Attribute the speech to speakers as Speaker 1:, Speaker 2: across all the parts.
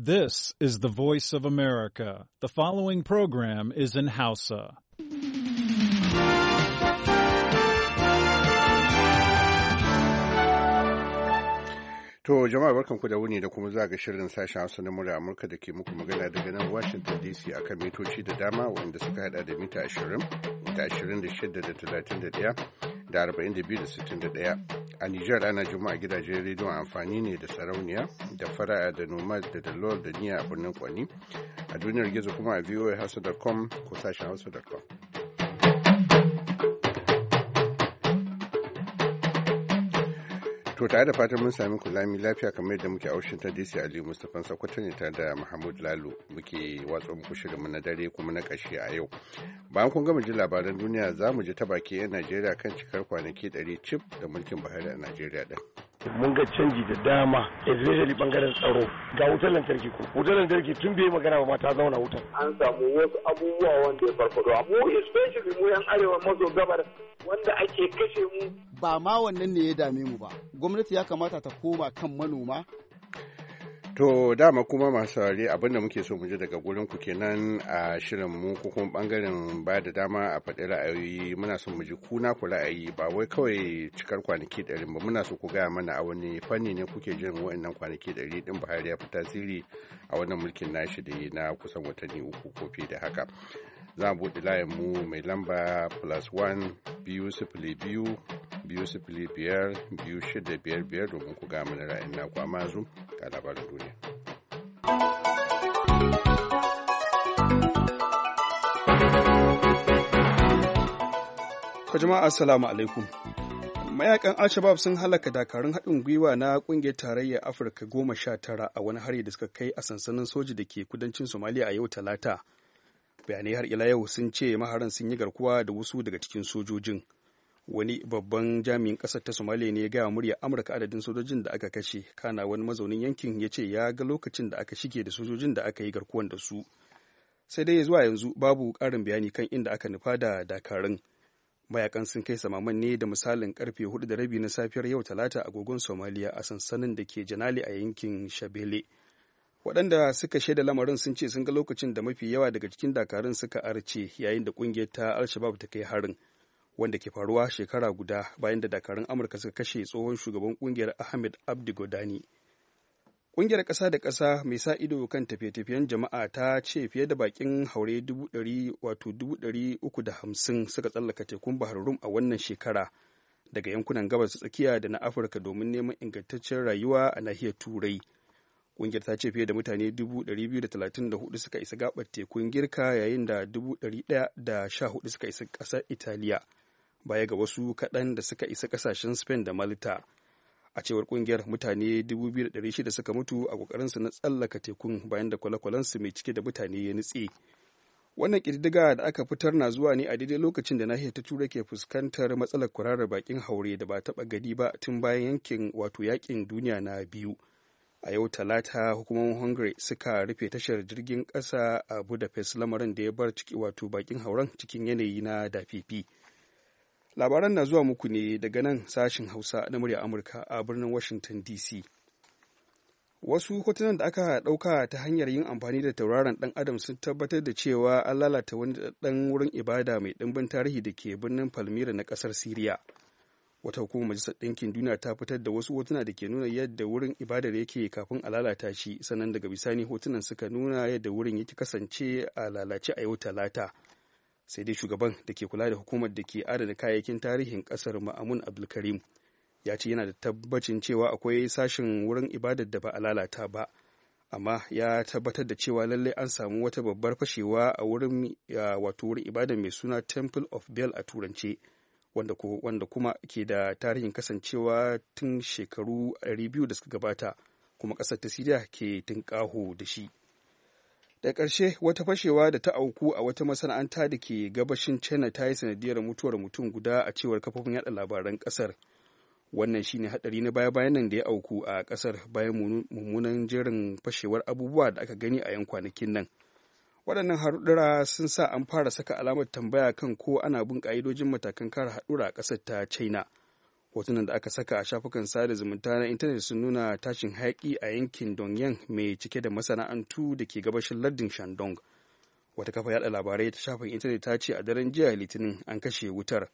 Speaker 1: This is the voice of America. The following program is in
Speaker 2: Hausa. To jama'a barkanku da wuni da kuma zaga shirin sashen Hausa na murya Amurka da ke muku magana daga nan Washington DC akan mitoci da dama wanda suka hada da mita 20 da 26 da 31 da 42 da 61 a Nijar ana juma'a gidajen rediyon amfani ne da sarauniya da fara'a da nomad da dalol da niya a birnin kwani a duniyar gizo kuma a voa hausa.com ko sashen hausa.com To tare da fatan mun sami kulami lafiya kamar yadda muke a ta DC Aliyu Mustapha sakwato ne tare da Mahmud lalu muke watsa muku shirinmu na dare kuma na ƙarshe a yau. Bayan kun gama ji labaran duniya za mu ji ta baki 'yan Najeriya kan cikar kwanaki 100 cif da mulkin bahari a Najeriya ɗin.
Speaker 3: mun ga canji da dama especially bangaren tsaro ga wutar lantarki ko wutar lantarki tun bai magana ba ta zauna wutar
Speaker 2: an samu wasu abubuwa wanda ya
Speaker 3: farfado mu especially mu yan arewa maso gabar wanda ake kashe mu ba ma
Speaker 4: wannan ne ya dame mu ba gwamnati ya kamata ta koma kan manoma
Speaker 2: To dama kuma masu saurare abin da muke so mu ji daga gurin ku kenan a shirin mu ko kuma bangaren ba da dama a faɗi ra'ayoyi muna so mu kuna ku ra'ayi ba wai kawai cikar kwanaki ɗari ba muna so ku gaya mana a wani fanni ne kuke jin wa'annan kwanaki ɗari ɗin Buhari ya fi tasiri a wannan mulkin nashi da na kusan watanni uku ko fiye da haka. za mu buɗe layin mu mai lamba plus one biyu sifili biyu biyu sifili biyar biyu shida biyar biyar domin ku gama mana ra'ayin naku amma yanzu ga labarin duniya.
Speaker 5: Ka jama'a assalamu alaikum. mayakan al sun halaka dakarun haɗin gwiwa na ƙungiyar tarayyar afirka goma sha tara a wani hari da suka kai a sansanin soji da ke kudancin Somalia a yau talata bayanai har ila yau sun ce maharan sun yi garkuwa da wasu daga cikin sojojin wani babban jami'in ƙasar ta somaliya ne ya gaya murya amurka adadin sojojin da aka kashe kana wani mazaunin yankin ya ce ya ga lokacin da aka shige da sojojin da aka yi garkuwan da su sai dai zuwa yanzu babu ƙarin bayani kan inda aka nufa da dakarun mayakan sun kai samaman ne da misalin karfe hudu da rabi na safiyar yau talata agogon somaliya a sansanin da ke janali a yankin shabele waɗanda suka shaida lamarin sun ce sun ga lokacin da mafi yawa daga cikin dakarun suka arce yayin da ƙungiyar ta alshabab ta kai harin wanda ke faruwa shekara guda bayan da dakarun amurka suka kashe tsohon shugaban ƙungiyar ahmed abdi godani ƙungiyar ƙasa da ƙasa mai sa ido kan tafiye-tafiyen jama'a ta ce fiye da bakin haure hamsin suka tsallaka tekun bahar rum a wannan shekara daga yankunan gabas tsakiya da na afirka domin neman ingantaccen rayuwa a nahiyar turai Ƙungiyar ta ce fiye da mutane 234 suka isa gabar tekun girka yayin da 114 suka isa ƙasar Italiya, baya ga wasu kaɗan da suka isa ƙasashen Spain da Malta. A cewar ƙungiyar mutane 2,600 suka mutu a ƙoƙarinsu na tsallaka tekun bayan da kwale-kwalensu mai cike da mutane ya nutse. Wannan ƙididdiga da aka fitar na zuwa ne a daidai lokacin da nahiyar ta Turai ke fuskantar matsalar kwararar bakin haure da ba taɓa gadi ba tun bayan yankin wato yakin duniya na biyu. a yau talata hukumomin hungary suka rufe tashar jirgin ƙasa a budapest lamarin da ya bar ciki wato bakin hauren cikin yanayi na dafifi labaran na zuwa muku ne daga nan sashin hausa na murya amurka a birnin washington dc wasu hotunan da aka ɗauka ta hanyar yin amfani da tauraron dan adam sun tabbatar da cewa an lalata wani dan wurin ibada mai ɗimbin tarihi da ke birnin palmyra na ƙasar syria wata hukumar majalisar ɗinkin duniya ta fitar da wasu hotuna da ke nuna yadda wurin ibadar yake kafin a lalata shi sannan daga bisani hotunan suka nuna yadda wurin yake kasance a lalace a yau talata sai dai shugaban da ke kula da hukumar da ke adana kayayyakin tarihin ƙasar ma'amun abdulkarim ya ce yana da tabbacin cewa akwai sashen wurin ibadar da ba a lalata ba amma ya tabbatar da cewa lallai an samu wata babbar fashewa a wurin wato wurin ibadar mai suna temple of bell a turance wanda kuma ke da tarihin kasancewa tun shekaru 200 da suka gabata kuma ƙasar ta siriya ke kaho da shi da ƙarshe wata fashewa da ta auku a wata masana'anta da ke gabashin china ta yi sanadiyar mutuwar mutum guda a cewar kafofin yaɗa labaran ƙasar wannan shine hadari na baya-bayan nan da ya auku a ƙasar bayan mummunan jerin fashewar abubuwa da aka gani a 'yan kwanakin nan. waɗannan haɗura sun sa an fara saka alamar tambaya kan ko ana bin ƙa'idojin matakan kare haɗura a ƙasar ta china hotunan da aka saka a shafukan sada zumunta na intanet sun nuna tashin hayaƙi a yankin dongyang mai cike da masana'antu da ke gabashin lardin shandong wata kafa yaɗa labarai ta shafin intanet ta ce a daren jiya litinin an kashe wutar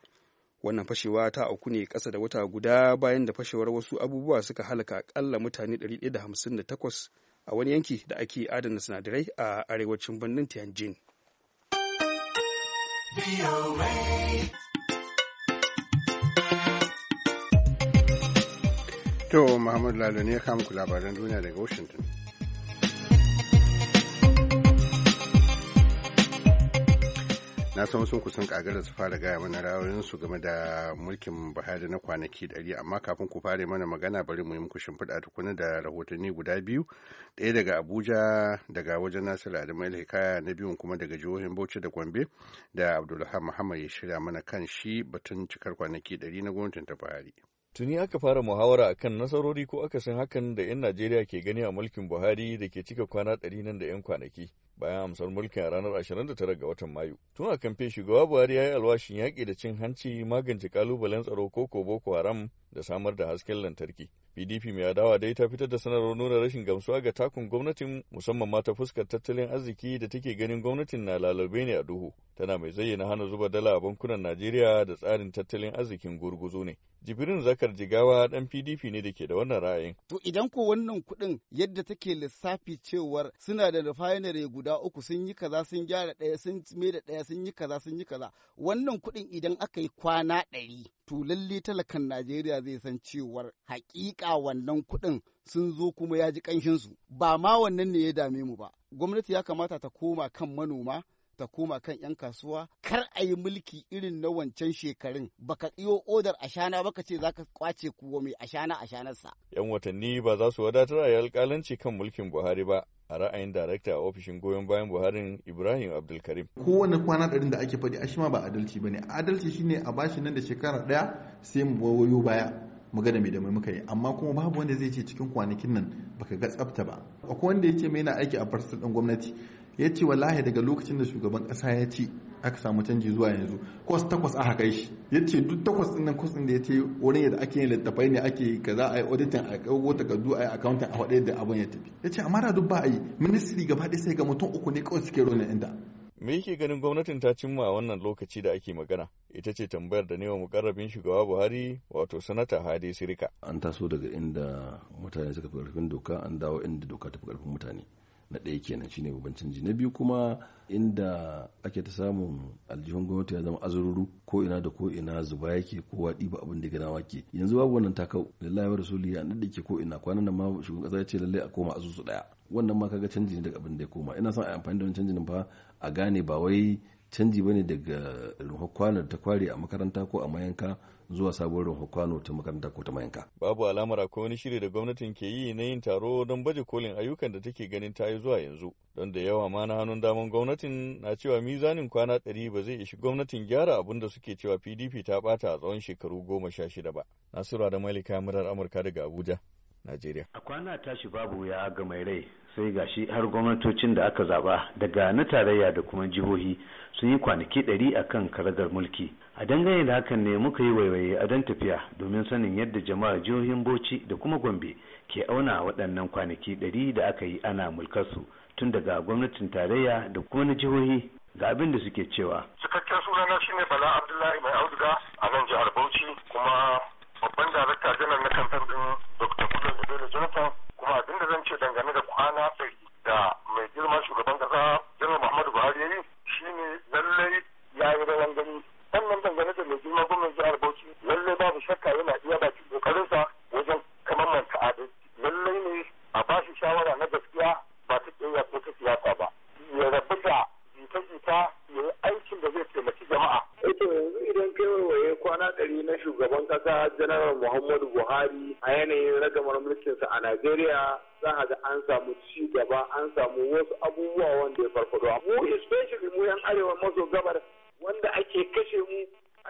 Speaker 5: wannan fashewa ta auku ne ƙasa da wata guda bayan da fashewar wasu abubuwa suka halaka akalla mutane 158 a wani yanki da ake adana sinadarai a arewacin birnin tianjin
Speaker 2: to muhammadu lalo ne ya kama labaran duniya daga washington na san sun kusan kagara su fara gaya mana su game da mulkin buhari na kwanaki ɗari amma kafin ku fara mana magana bari mu yi muku shimfiɗa tukuna da rahotanni guda biyu ɗaya daga abuja daga wajen nasiru adamu hikaya na biyun kuma daga jihohin bauchi da gombe da abdulhamid muhammad ya shirya mana kan shi batun cikar kwanaki ɗari na gwamnatin ta buhari
Speaker 6: Tuni aka fara muhawara akan nasarori ko akasin hakan da 'yan Najeriya ke gani a mulkin Buhari da ke cika kwana ɗari nan da 'yan kwanaki. bayan amsar mulkin a ranar 29 ga watan Mayu. Tun a kamfe shugaba Buhari ya yi alwashin yaƙi da cin hanci magance kalubalen tsaro ko Boko Haram da samar da hasken lantarki. PDP mai adawa dai ta fitar da sanarwar nuna rashin gamsuwa ga takun gwamnatin musamman ma ta fuskar tattalin arziki da take ganin gwamnatin na lalabe ne a duhu. Tana mai zayyana hana zuba dala a bankunan Najeriya da tsarin tattalin arzikin gurguzu ne. Jibrin Zakar Jigawa dan PDP ne da ke da wannan ra'ayin.
Speaker 4: To idan ko wannan kuɗin yadda take lissafi cewar suna da refinery guda uku sun yi kaza sun gyara ɗaya sun mai da ɗaya sun yi kaza sun yi kaza wannan kuɗin idan aka yi kwana ɗari to lalle talakan Najeriya zai san cewar haƙiƙa wannan kuɗin sun zo kuma ya ji ƙanshinsu ba ma wannan ne ya dame mu ba gwamnati ya kamata ta koma kan manoma ta koma kan 'yan kasuwa kar a yi mulki irin na wancan shekarun baka iyo odar ashana ka ce zaka kwace kuwa mai ashana ashanarsa.
Speaker 6: 'Yan watanni ba za su wadatar a alkalanci kan mulkin Buhari ba. a ra'ayin darakta a ofishin goyon bayan buharin ibrahim abdulkarim kowane kwana ɗarin da ake
Speaker 2: faɗi ashima ba adalci ba ne adalci shine a bashi nan da shekara ɗaya sai mu wayo baya
Speaker 5: magana mai da mai muka yi amma kuma babu wanda zai ce cikin kwanakin nan baka ga tsafta ba akwai wanda ya ce mai na aiki a farsa ɗin gwamnati ya ce wallahi daga lokacin da shugaban kasa ya ce aka samu canji zuwa yanzu kwas takwas aka kai shi ya ce duk takwas ɗin nan kwas ɗin da ya ce wurin yadda ake yin littafai ne ake kaza a yi auditin a kawo takardu a yi accounting a waɗaya da abin ya tafi ya ce amma da duk ba a yi ministry gaba ɗaya sai ga mutum uku ne kawai suke rona inda
Speaker 6: me yake ganin gwamnatin ta cimma a wannan lokaci da ake magana ita ce tambayar da newa mukarrabin shugaba buhari wato sanata hadi sirika
Speaker 7: an taso daga inda mutane suka fi karfin doka an dawo inda doka ta fi karfin mutane na ɗaya kenan shine babban canji na biyu kuma inda ake ta samun aljihun gwamnati ya zama azururu ko ina da ko ina zuba yake waɗi ba abin da gina wake yanzu babu wannan takau lallai wa rasuli ya ke ko ina kwanan nan ma shugaban ƙasa ya ce lallai a koma asusu ɗaya wannan ma kaga canji ne daga abin da ya koma ina son a amfani da wani canjin fa a gane ba wai canji bane daga runhar kwano ta kware a makaranta ko a mayanka zuwa sabuwar runhar kwano ta makaranta ko ta mayanka.
Speaker 6: Babu alamar akwai wani shiri da gwamnatin ke yi na yin taro don baje kolin ayyukan da take ganin ta yi zuwa yanzu. Don da yawa ma na hannun daman gwamnatin na cewa mizanin kwana ɗari ba zai ishi gwamnatin gyara abun da suke cewa PDP ta ɓata a tsawon shekaru goma sha shida ba. nasiru da Malika Murar Amurka daga Abuja. Najeriya. A kwana tashi babu ya ga mai rai sai ga
Speaker 3: shi har gwamnatocin da aka zaba daga na tarayya da kuma jihohi sun yi kwanaki ɗari a kan karagar mulki. A dangane da hakan ne muka yi waiwaye a don tafiya domin sanin yadda jama'ar jihohin Bauchi da kuma Gombe ke auna waɗannan kwanaki ɗari da aka yi ana mulkarsu tun daga gwamnatin tarayya da kuma na jihohi ga abin da suke cewa. Cikakken sunana shine Bala Abdullahi Mai ana ɗari da mai girma shugaban kasa kwana ɗari na shugaban ƙasa Janaral Muhammadu Buhari a yanayin ragamar mulkinsa a Najeriya za a ga an samu ci gaba an samu wasu abubuwa wanda ya farfado. Mu especially mu yan arewa maso gabar wanda ake kashe mu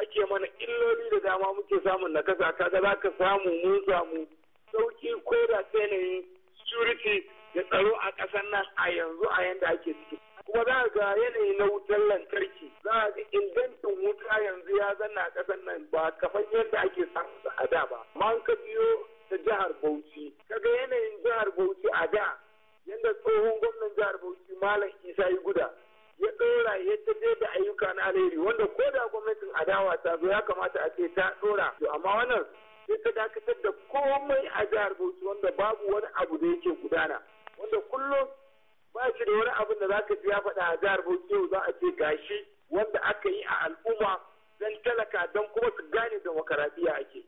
Speaker 3: ake mana illoli da dama muke samun na kasa kaga za ka samu mun samu sauki ko da yanayin security da tsaro a ƙasar nan a yanzu a yanda ake ciki. kuma za a ga yanayi na wutar lantarki za a ga ingancin wuta yanzu ya zanna kasan nan ba kafan yadda ake samu a da ba man ka biyo ta jihar bauchi Ka ga yanayin jihar bauchi a da yadda tsohon gwamnan jihar bauchi malam isa yi guda ya ɗora ya ta da ayyuka na alheri wanda ko da gwamnatin adawa ta zo ya kamata a ce ta ɗora to amma wannan sai ta dakatar da komai a jihar bauchi wanda babu wani abu da yake gudana wanda kullum ba shi da wani abin da zaka ji ya faɗa a jihar Bauchi yau za a ce gashi wanda aka yi a al'umma dan talaka dan kuma su gane da ake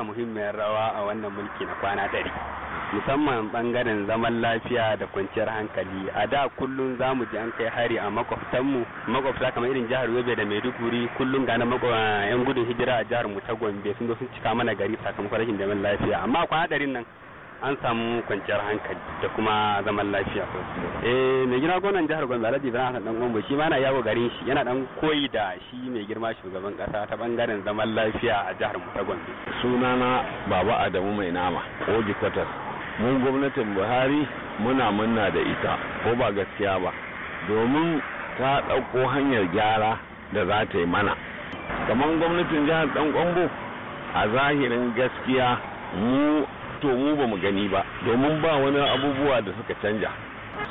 Speaker 5: taka muhimmiyar rawa a wannan mulki na kwana ɗari musamman bangaren zaman lafiya da kwanciyar hankali a da kullum za mu ji an kai hari a makwabtanmu makwabta kamar irin jihar yobe da maiduguri kullum ga yan gudun hijira a jihar mu ta gombe sun zo sun cika mana gari sakamakon rashin zaman lafiya amma kwana ɗarin nan an samu kwanciyar hankali da kuma zaman lafiya eh mai girma gwamnan jihar Gombe Alhaji Ibrahim Hassan Dangombo shi ma yana yawo garin shi yana dan koyi da shi mai girma shugaban kasa ta bangaren zaman lafiya a jihar mu ta Gombe
Speaker 3: sunana Baba Adamu Mai Nama Oji kwatar mun gwamnatin Buhari muna munna da ita ko ba gaskiya ba domin ta ɗauko hanyar gyara da za ta yi mana kamar gwamnatin jihar Dankongo a zahirin gaskiya mu to mu ba mu gani ba domin ba wani abubuwa da suka canja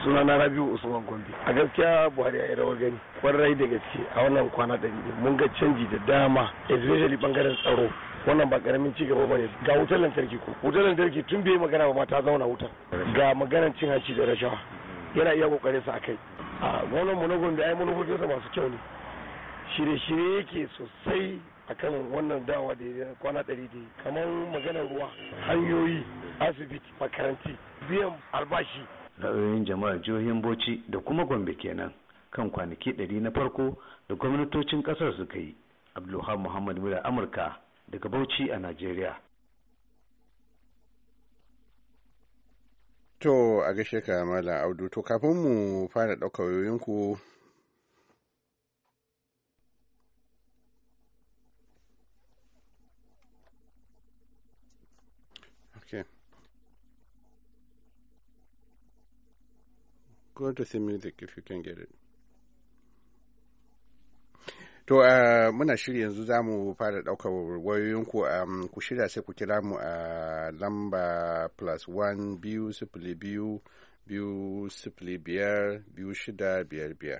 Speaker 3: suna na rabiu usman gombe a gaskiya buhari ya yi rawar gani kwarai da gaske a wannan kwana da mun ga canji da dama especially bangaren tsaro wannan ba karamin ci gaba bane ga wutar lantarki ko wutar lantarki tun bai magana ba mata ta zauna wutar ga maganar cin hanci da rashawa yana iya kokarin sa kai. a wannan mu na gombe ai manufofinsa masu kyau ne shirye-shirye yake sosai akan wannan dawa da ya kwana ɗari da kamar maganar ruwa hanyoyi asibiti makaranti biyan albashi ra'ayoyin jama'a jihohin bauchi da kuma gombe kenan kan kwanaki ɗari na farko da gwamnatocin ƙasar suka yi abdulhamid muhammad mura amurka daga bauchi a najeriya
Speaker 2: to a gashe ka malam audu to kafin mu fara ɗaukar ku Go to the music if you can get it. To uh, muna shirya yanzu za mu fara ɗaukar wayoyinku um, ku shirya sai ku kira mu a lamba plus one biyu sifili biyu biyu sifili biyar biyu shida biyar biyar.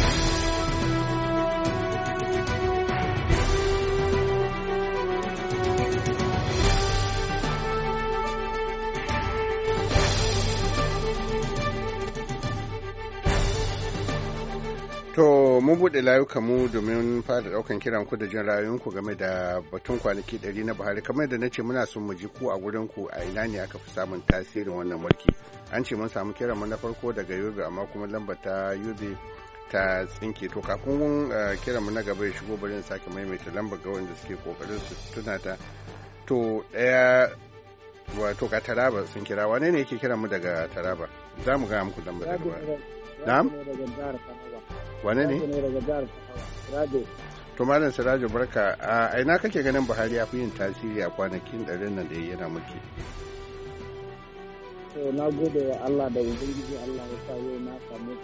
Speaker 2: To mun buɗe mu domin fara ɗaukan kiran ku da jin ra'ayoyinku game da batun kwanaki ɗari na Buhari kamar da na ce muna son mu ji ku a gurin ku a ina ne aka fi samun tasirin wannan mulki an ce mun samu kiran mu na farko daga Yobe amma kuma lambar ta Yobe ta tsinke to kafin eh, kiran mu na gaba ya shigo bari in sake maimaita lambar ga wanda suke kokarin su tuna ta to ɗaya wato ka Taraba sun kira wane ne yake kiran mu daga Taraba za mu ga muku lambar da baya. Nam Wane ne? To Malam Sirajo barka a ina kake ganin Buhari ya fi yin tasiri a kwanakin ɗarin nan da yana mulki.
Speaker 8: To na gode da Ubangiji Allah ya sa yau na samu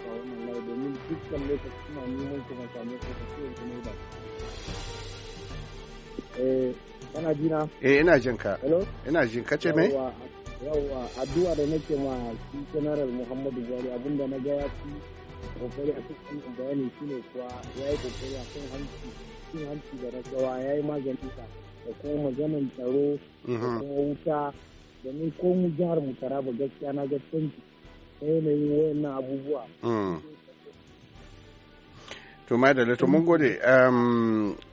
Speaker 8: ka eh,
Speaker 2: eh, ina jin ka. Ina jin ka ce me?
Speaker 8: yawa addu'a da nake ma shi general muhammadu buhari abinda na ga ya fi kokari a cikin bayani ne kuwa ya yi kokari a kan hanci cikin hanci da rashawa ya yi magani da kuma maganin tsaro da mhm. kuma wuta ni ko mu jihar mu tara ba gaskiya na gaskiya ta yanayin wayannan abubuwa
Speaker 2: mm. to da to mun gode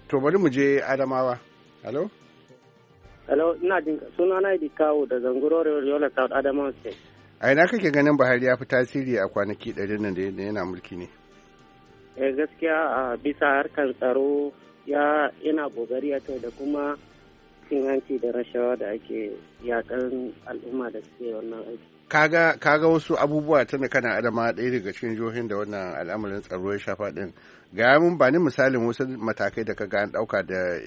Speaker 2: to bari mu je adamawa hello
Speaker 8: Hello, ina jin suna na idi kawo da zangurore Yola South Adamawa State.
Speaker 2: A ina kake ganin Buhari ya fi tasiri a kwanaki ɗari nan da yana mulki ne?
Speaker 8: Eh gaskiya a bisa harkar tsaro ya yana kokari ya da kuma cin hanci da rashawa da ake yakan al'umma da suke wannan aiki.
Speaker 2: kaga kaga wasu abubuwa tana kana adama ɗaya daga cikin jihohin da wannan al'amarin tsaro ya shafa ɗin, ga mun ba ni misalin wasu matakai da kaga an ɗauka da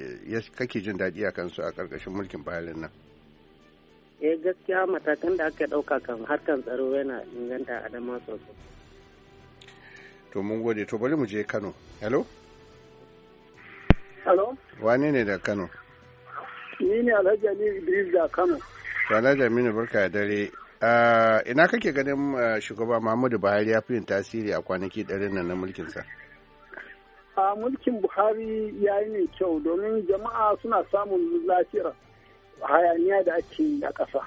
Speaker 2: kake jin daɗi a kansu a ƙarƙashin mulkin bayan nan
Speaker 8: eh gaskiya matakan da aka ɗauka kan harkar tsaro yana inganta adama sosai
Speaker 2: to mun gode to bari mu je kano hello hello wane ne da kano
Speaker 8: ni ne alhaji aminu idris da kano
Speaker 2: to alhaji ne barka da dare Eh, ina kake ganin eh, shugaba Muhammadu Buhari ya fi yin tasiri a kwanaki ɗarin nan na mulkinsa?
Speaker 8: A mulkin Buhari ya yi mai kyau domin jama'a suna samun lafiyar hayaniya da ake yi a ƙasa.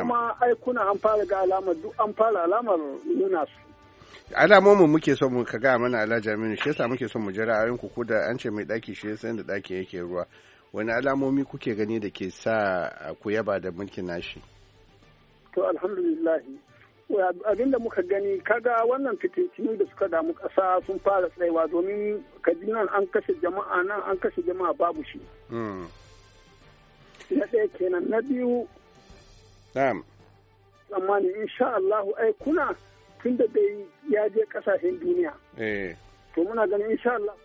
Speaker 8: Kuma aikuna an fara ga alamar duk an fara alamar nuna su.
Speaker 2: alamomin muke son mu ka gaya mana alhaji aminu shi yasa muke son mu jira ayin ku da an ce mai daki shi yasa da daki yake ruwa wani alamomi kuke gani da ke sa ku yaba da mulkin nashi
Speaker 8: to alhamdulillahi abin da muka gani kaga wannan fitintini da suka damu ƙasa sun fara tsayawa domin kaji nan an kashe jama'a nan an kashe jama'a babu shi hmm. na ɗaya kenan na biyu tsammani insha Allahu ai kuna tun da dai ya je ƙasashen duniya eh. to muna ganin insha Allah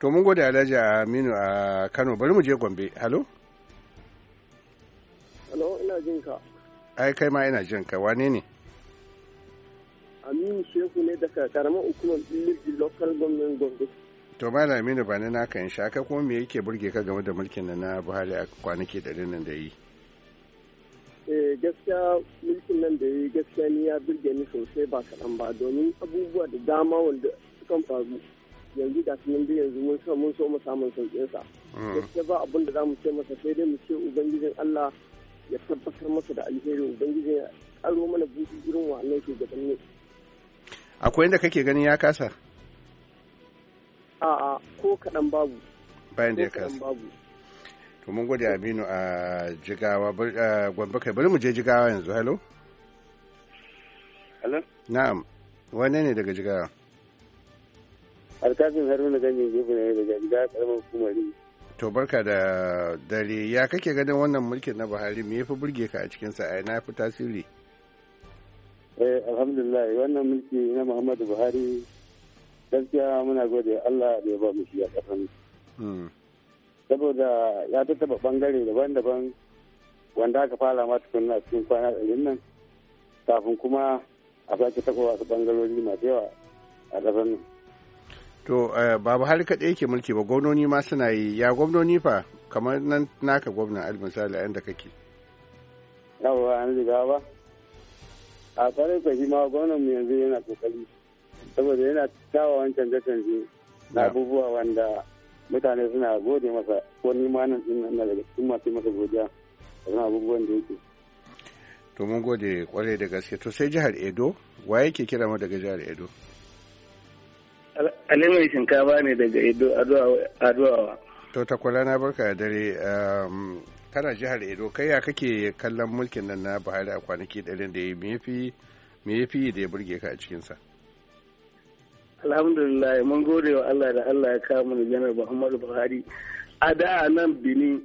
Speaker 2: to mun gode alhaji aminu a kano bari mu je gombe halo
Speaker 8: halo ina jinka
Speaker 2: ai kai ma ina jin ka wane ne
Speaker 8: aminu shehu ne daga karamar hukumar lirgi local government gombe
Speaker 2: to ma na aminu ba na kan in sha ka kuma me yake burge ka game da mulkin na na buhari a kwanaki ɗarin nan da yi
Speaker 8: eh gaskiya mulkin nan da yi gaskiya ni ya burge ni sosai ba kaɗan ba domin abubuwa da dama wanda sukan faru yanzu ga sunan da yanzu mun so mun so mu samun sauƙinsa mm. gaskiya ba abin da za mu ce masa sai dai mu ce ubangijin allah ya tabbatar masa da alheri ubangiji ya karo mana buɗi irin wannan ne.
Speaker 2: akwai inda kake ganin ya kasa
Speaker 8: a'a ko kaɗan babu
Speaker 2: bayan da ya kasa babu to mun gode aminu a jigawa gwamba kai bari mu je jigawa yanzu hello hello na'am wane ne daga jigawa
Speaker 8: alkasin da ganye gefe ne daga jigawa karamar hukumar
Speaker 2: to barka da dare ya kake ganin wannan mulkin na buhari me yafi burge ka a cikinsa a ina fi tasiri
Speaker 8: eh alhamdulillah wannan mulki na muhammadu buhari gaskiya muna gode allah da ya ba mu shi a hmm. saboda ya taba bangare daban-daban wanda aka fara ma tukunna cikin kwana ɗarin nan kafin kuma a sake taɓa wasu bangarori masu yawa a ƙasar nan
Speaker 2: to eh, ba har kaɗai yake mulki ba gwamnoni ma suna yi ya gwamnoni fa kamar nan naka gwamnan almisali a inda kake
Speaker 8: yawa an riga ba a tsarin kwashi ma gwamnan mu yanzu yana kokari saboda yana wancan canje-canje na abubuwa wanda mutane suna gode masa wani manan din nan daga cikin masu masa godiya da abubuwan da
Speaker 2: yake to mun gode kwarai da gaske to sai jihar edo wa yake kira mu daga jihar edo
Speaker 8: mai shinkafa ne daga Edo Aduwawa.
Speaker 2: To na barka da dare um, kana jihar Edo kai ya kake kallon mulkin nan na Buhari a kwanaki ɗarin da ya yi me ya fi da ya burge ka a cikinsa.
Speaker 8: Alhamdulillah mun gode wa Allah da Allah ya kama da janar Muhammadu Buhari. A da nan Benin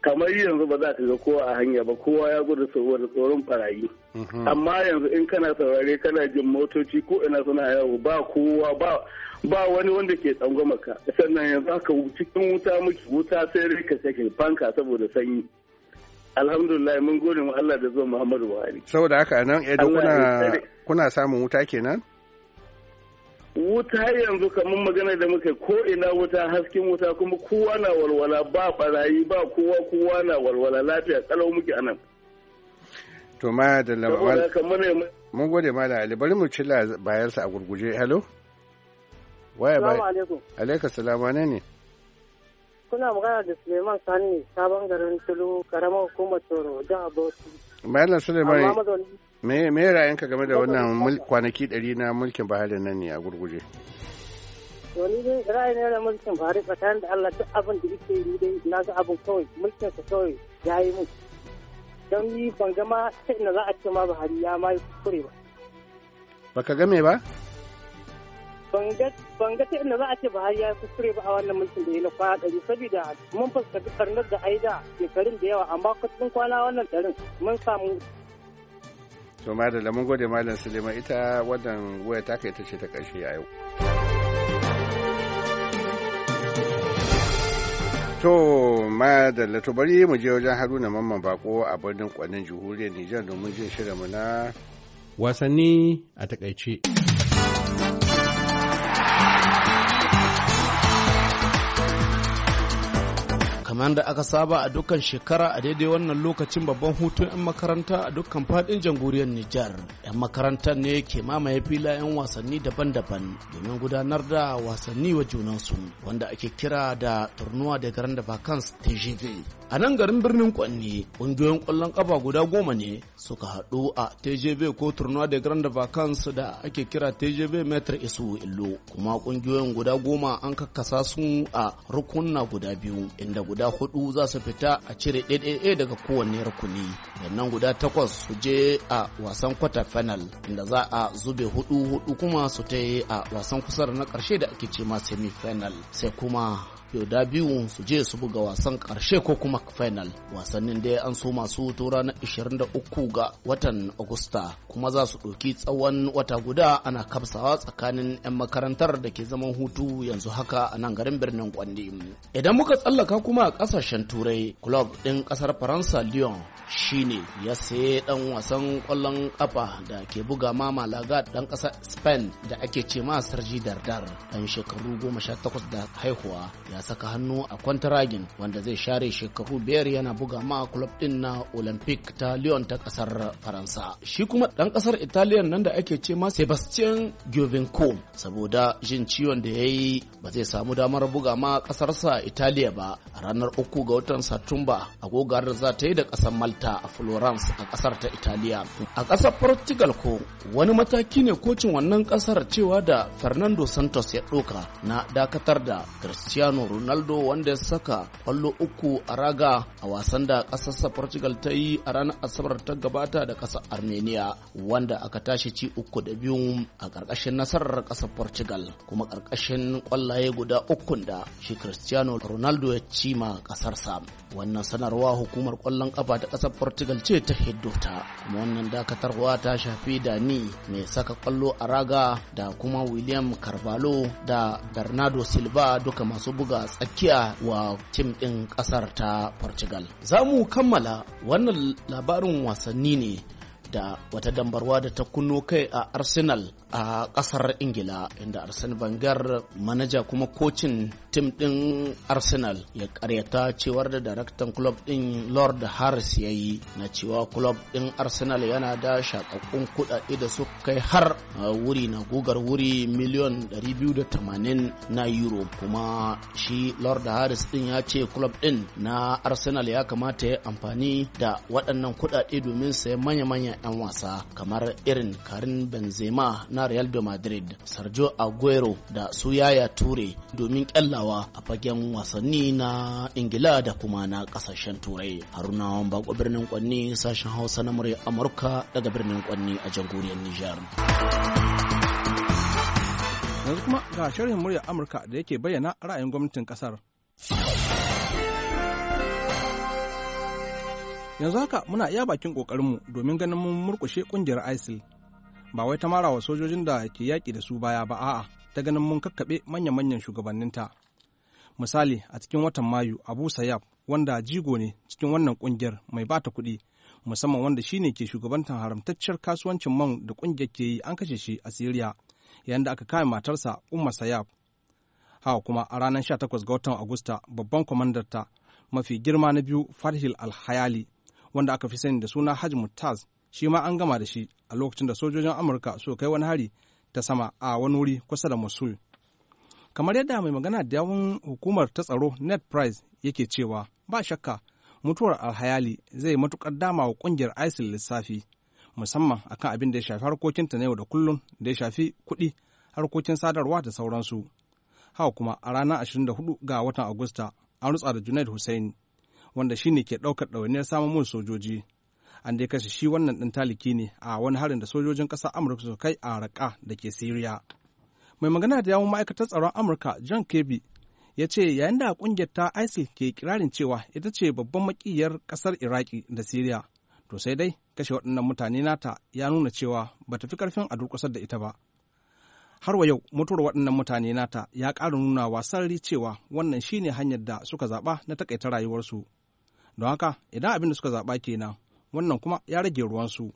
Speaker 8: kamar yanzu ba za ka ga kowa a hanya ba kowa ya gudu saboda tsoron barayi
Speaker 1: mhm. amma
Speaker 8: yanzu in kana saurare kana jin motoci ko ina suna yawo ba kowa ba ba wani wanda ke tsangwama ka sannan yanzu aka cikin wuta muke wuta sai rika take fanka saboda sanyi alhamdulillah mun gode mu Allah da zuwa Muhammadu Buhari
Speaker 2: saboda haka anan edo kuna kuna samun wuta kenan
Speaker 8: wuta yanzu kamar magana da muka ko ina wuta hasken wuta kuma kowa na walwala ba barayi ba kowa kowa na walwala lafiya kalau muke anan
Speaker 2: to ma da lamal mun gode ma da ali bari mu ci bayarsa a gurguje hello waya ba alaikum salamu ne ne
Speaker 8: kuna magana da suleiman sani sabon garin tulu karamar hukumar toro jihar bauchi
Speaker 2: malam suleiman me me ra'ayinka game da wannan kwanaki ɗari na mulkin bahari nan ne a gurguje
Speaker 8: to ni dai ne na mulkin bahari tsakanin da Allah duk abin da yake yi dai na ga abin kawai mulkin sa kawai ya yi mu don yi ban ga ma ina za a ce ma bahari ya ma yi kure ba baka ga me ba ban ga ta inda za a ce bahari ya kuskure ba a wannan mulkin da ya na kwana ɗari saboda mun fuskanci karnar da aida shekarun da yawa amma kusan kwana wannan ɗarin mun samu
Speaker 2: to da mun gode malam suleiman ita wannan waya ta kai ta ce ta karshe a yau to madalla to bari mu je wajen haruna mamman bako a birnin kwanin jihuriyar nijar domin jin mu na wasanni a takaice.
Speaker 4: kamar da aka saba a dukkan shekara a daidai wannan lokacin babban hutun 'yan makaranta a dukkan fadin jamhuriyar Nijar. 'Yan makarantar ne ke mamaye filayen wasanni daban-daban domin gudanar da wasanni wa junansu wanda ake kira da turnuwa da garin da vacance TGV. a nan garin birnin kwanni ƙungiyoyin ƙwallon ƙafa guda goma ne suka haɗu a tjb ko turnuwa da grand Vacances da ake kira tjb metr isu illo kuma ƙungiyoyin guda goma an kakkasa su a rukunna guda biyu inda guda hudu za su fita a cire ɗaiɗaiɗai daga kowanne rukuni sannan guda takwas su je a wasan kwata final inda za a zube hudu hudu kuma su ta a wasan kusar na ƙarshe da ake ce ma semi final sai kuma da biyu su je su buga wasan karshe ko kuma final wasannin dai an so masu tura na 23 ga watan agusta kuma za su ɗauki tsawon wata guda ana kafsawa tsakanin 'yan makarantar da ke zaman hutu yanzu haka a nan garin birnin kwandi idan muka tsallaka kuma a ƙasashen turai club ɗin ƙasar faransa lyon shine ya saye ɗan wasan ƙwallon ƙafa da ke buga ma malaga ɗan ƙasar spain da ake ce ma sarji dardar ɗan shekaru 18 da haihuwa ya ya saka hannu a kwantaragin wanda zai share shekaru biyar yana buga ma club din na olympic ta lyon ta kasar faransa shi kuma dan kasar italiyan nan da ake ce ma sebastian giovinco saboda jin ciwon da ya yi ba zai samu damar buga ma kasarsa italiya ba a ranar uku ga watan satumba agogar da za ta yi da kasar malta a florence a kasar ta italiya a kasar portugal ko wani mataki ne kocin wannan kasar cewa da fernando santos ya doka na dakatar da cristiano Ronaldo wanda ya saka ƙwallo uku a raga a wasan da ƙasarsa Portugal ta yi a ranar Asabar ta gabata da ƙasar Armenia wanda aka tashi ci uku da biyu a ƙarƙashin nasarar ƙasar Portugal kuma ƙarƙashin ƙwallaye guda uku da shi Cristiano Ronaldo ya ci ma ƙasarsa. Wannan sanarwa hukumar ƙwallon ƙafa ta ƙasar Portugal ce ta hiddota kuma wannan dakatarwa ta shafi da ni mai saka ƙwallo a raga da kuma William Carvalho da Bernardo Silva duka masu buga a tsakiya wa tim ɗin ƙasar ta Portugal. Za mu kammala wannan labarin wasanni ne da wata dambarwa da ta kunno kai a arsenal a kasar ingila inda arsene bangar manaja kuma kocin tim din arsenal ya karyata cewar da daraktan club din lord harris ya yi na cewa club din arsenal yana da shakakkun kudade da su kai har wuri na gugar wuri miliyon 280 na euro kuma shi lord harris din ya ce club din na arsenal ya kamata ya amfani da waɗannan kudade domin sayan manya-manya 'yan wasa kamar irin karin Benzema na Real de Madrid, Sergio Aguero da su yaya Ture domin kyallawa a fagen wasanni na Ingila da kuma na kasashen Turai. Haruna Bako birnin Kwanni sashen
Speaker 7: Hausa na murya Amurka daga birnin Kwanni a jamhuriyar Nijar. Yanzu kuma ga sharhin murya Amurka da yake bayyana ra'ayin gwamnatin kasar. yanzu haka muna iya bakin kokarinmu domin ganin mun murkushe kungiyar isil ba wai ta mara wa sojojin da ke yaƙi da su baya ba a'a ta ganin mun kakkaɓe manya-manyan shugabanninta misali a cikin watan mayu abu sayab wanda jigo ne cikin wannan kungiyar mai ba ta kuɗi musamman wanda shine ke shugabantar haramtacciyar kasuwancin man da kungiyar ke yi an kashe shi a siriya yayin da aka kame matarsa umma sayab hawa kuma a ranar 18 ga watan agusta babban kwamandarta mafi girma na biyu farhil alhayali wanda aka fi sani da suna Hajj Mutaz shi ma an gama da shi a lokacin da sojojin Amurka suka kai wani hari ta sama a wani wuri kusa da Mosul. Kamar yadda mai magana da yawon hukumar ta tsaro net Price yake cewa ba shakka mutuwar alhayali zai matukar dama wa kungiyar ISIL lissafi musamman akan abin da ya shafi harkokinta na yau da kullum da ya shafi kuɗi harkokin sadarwa da sauransu. Hawa kuma a ranar 24 ga watan Agusta an rutsa da Junaid Hussaini wanda shine ke ɗaukar ɗawainiyar samun mun sojoji an dai kashe shi wannan ɗin taliki ne a wani harin da sojojin ƙasar amurka su kai a raƙa da ke siriya mai magana da yawon ma'aikatar tsaron amurka john kirby ya ce yayin da ƙungiyar ta isil ke kirarin cewa ita ce babban maƙiyar ƙasar iraki da siriya to sai dai kashe waɗannan mutane nata ya nuna cewa ba ta fi ƙarfin a durƙusar da ita ba har wa yau mutuwar waɗannan mutane nata ya ƙara nuna wa sarari cewa wannan shine hanyar da suka zaɓa na taƙaita rayuwarsu don haka idan abin da suka zaɓa kenan wannan kuma ya rage ruwansu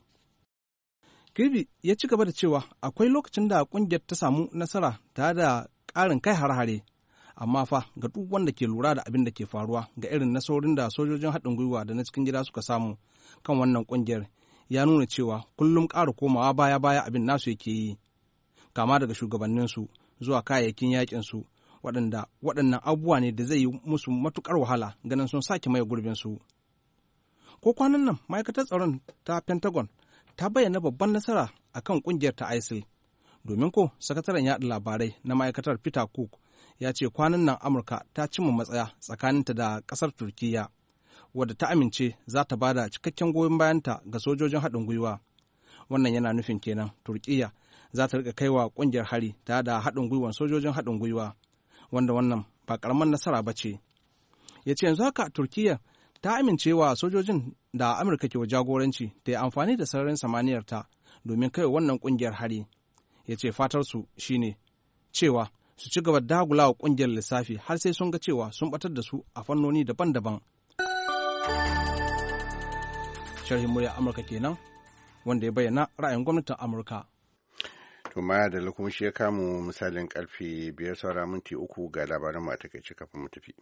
Speaker 7: kirby ya ci gaba da cewa akwai lokacin da ƙungiyar ta samu nasara ta da ƙarin kai har-hare amma fa ga duk wanda ke lura da abin da ke faruwa ga irin nasarorin da sojojin haɗin gwiwa da na cikin gida suka samu kan wannan ƙungiyar ya nuna cewa kullum ƙara komawa baya-baya abin nasu yake yi kama daga shugabanninsu zuwa kayayyakin yaƙinsu waɗanda waɗannan abubuwa ne da zai yi musu matuƙar wahala ganin sun sake maye su Ko kwanan nan ma'aikatar tsaron ta Pentagon ta bayyana babban nasara a kan ƙungiyar ta ISIL. Domin ko sakataren yaɗa labarai na ma'aikatar Peter Cook ya ce kwanan nan Amurka ta cimma matsaya tsakaninta da ƙasar Turkiyya, wadda ta amince za ta ba da cikakken goyon bayanta ga sojojin haɗin gwiwa. Wannan yana nufin kenan Turkiyya za ta riƙa kaiwa ƙungiyar hari ta da haɗin gwiwan sojojin haɗin gwiwa. wanda wannan ba karamar nasara ba ce ya ce yanzu haka turkiyya ta amincewa sojojin da amurka ke wa jagoranci da ya amfani da sararin samaniyarta domin kai wannan kungiyar hari ya ce fatarsu ne, cewa su ci gaba dagula wa kungiyar lissafi har sai sun ga cewa sun batar da su a fannoni daban-daban sharhin murya amurka kenan wanda ya bayyana ra'ayin gwamnatin amurka
Speaker 2: Tuma da kuma shi ya kamu misalin karfe biyar saura minti uku ga labaran mata kai kafin mu tafi.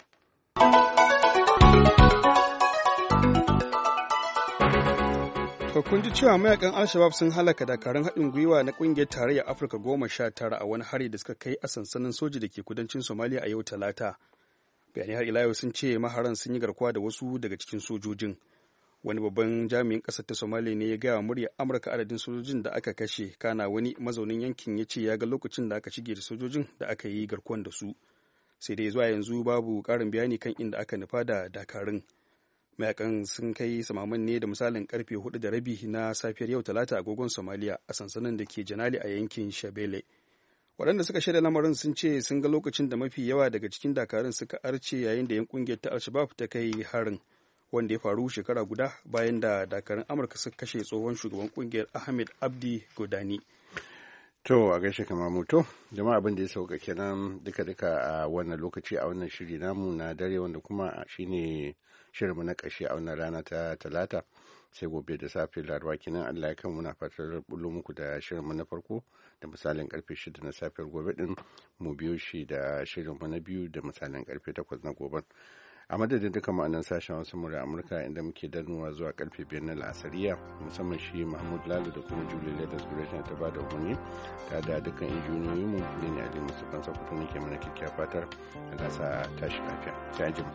Speaker 5: To kun ji cewa mayakan Alshabab sun halaka dakarun haɗin gwiwa na ƙungiyar tarayyar Afirka goma sha tara a wani hari da suka kai a sansanin soji da ke kudancin Somalia a yau Talata. Bayanai har ila yau sun ce maharan sun yi garkuwa da wasu daga cikin sojojin. wani babban jami'in ƙasar ta somali ne ya gaya wa murya amurka adadin sojojin da aka kashe kana wani mazaunin yankin ya ce ya ga lokacin da aka shige da sojojin da aka yi garkuwan da su sai dai zuwa yanzu babu ƙarin bayani kan inda aka nufa da dakarun mayakan sun kai samaman ne da misalin karfe hudu da rabi na safiyar yau talata agogon somaliya a sansanin da ke janali a yankin shabele waɗanda suka shaida lamarin sun ce sun ga lokacin da mafi yawa daga cikin dakarun suka arce yayin da yan kungiyar ta alshabab ta kai harin wanda ya faru shekara guda bayan da dakarun amurka suka kashe tsohon shugaban kungiyar ahmed abdi godani
Speaker 2: to a gaishe kama moto jama'a abin da ya sauka kenan duka-duka a wannan lokaci a wannan shiri namu na dare wanda kuma shine shirinmu na kashe a wannan rana ta talata sai gobe da safe laraba kenan allah ya kan muna fatar bullo muku da shirinmu na farko da misalin karfe shida na safiyar gobe din mu biyo shi da shirinmu na biyu da misalin karfe 8 na gobe a madadin duka ma'anan sashen wasu mura amurka inda muke danuwa zuwa karfe biyar na la'asariya musamman shi mahmud lalu da kuma julie ladas gresham ta bada umarni ta da dukkan injiniyoyin mu ne ne ali musu kansa ne ke mana kyakkyawa fatar da sa tashi lafiya sai jima.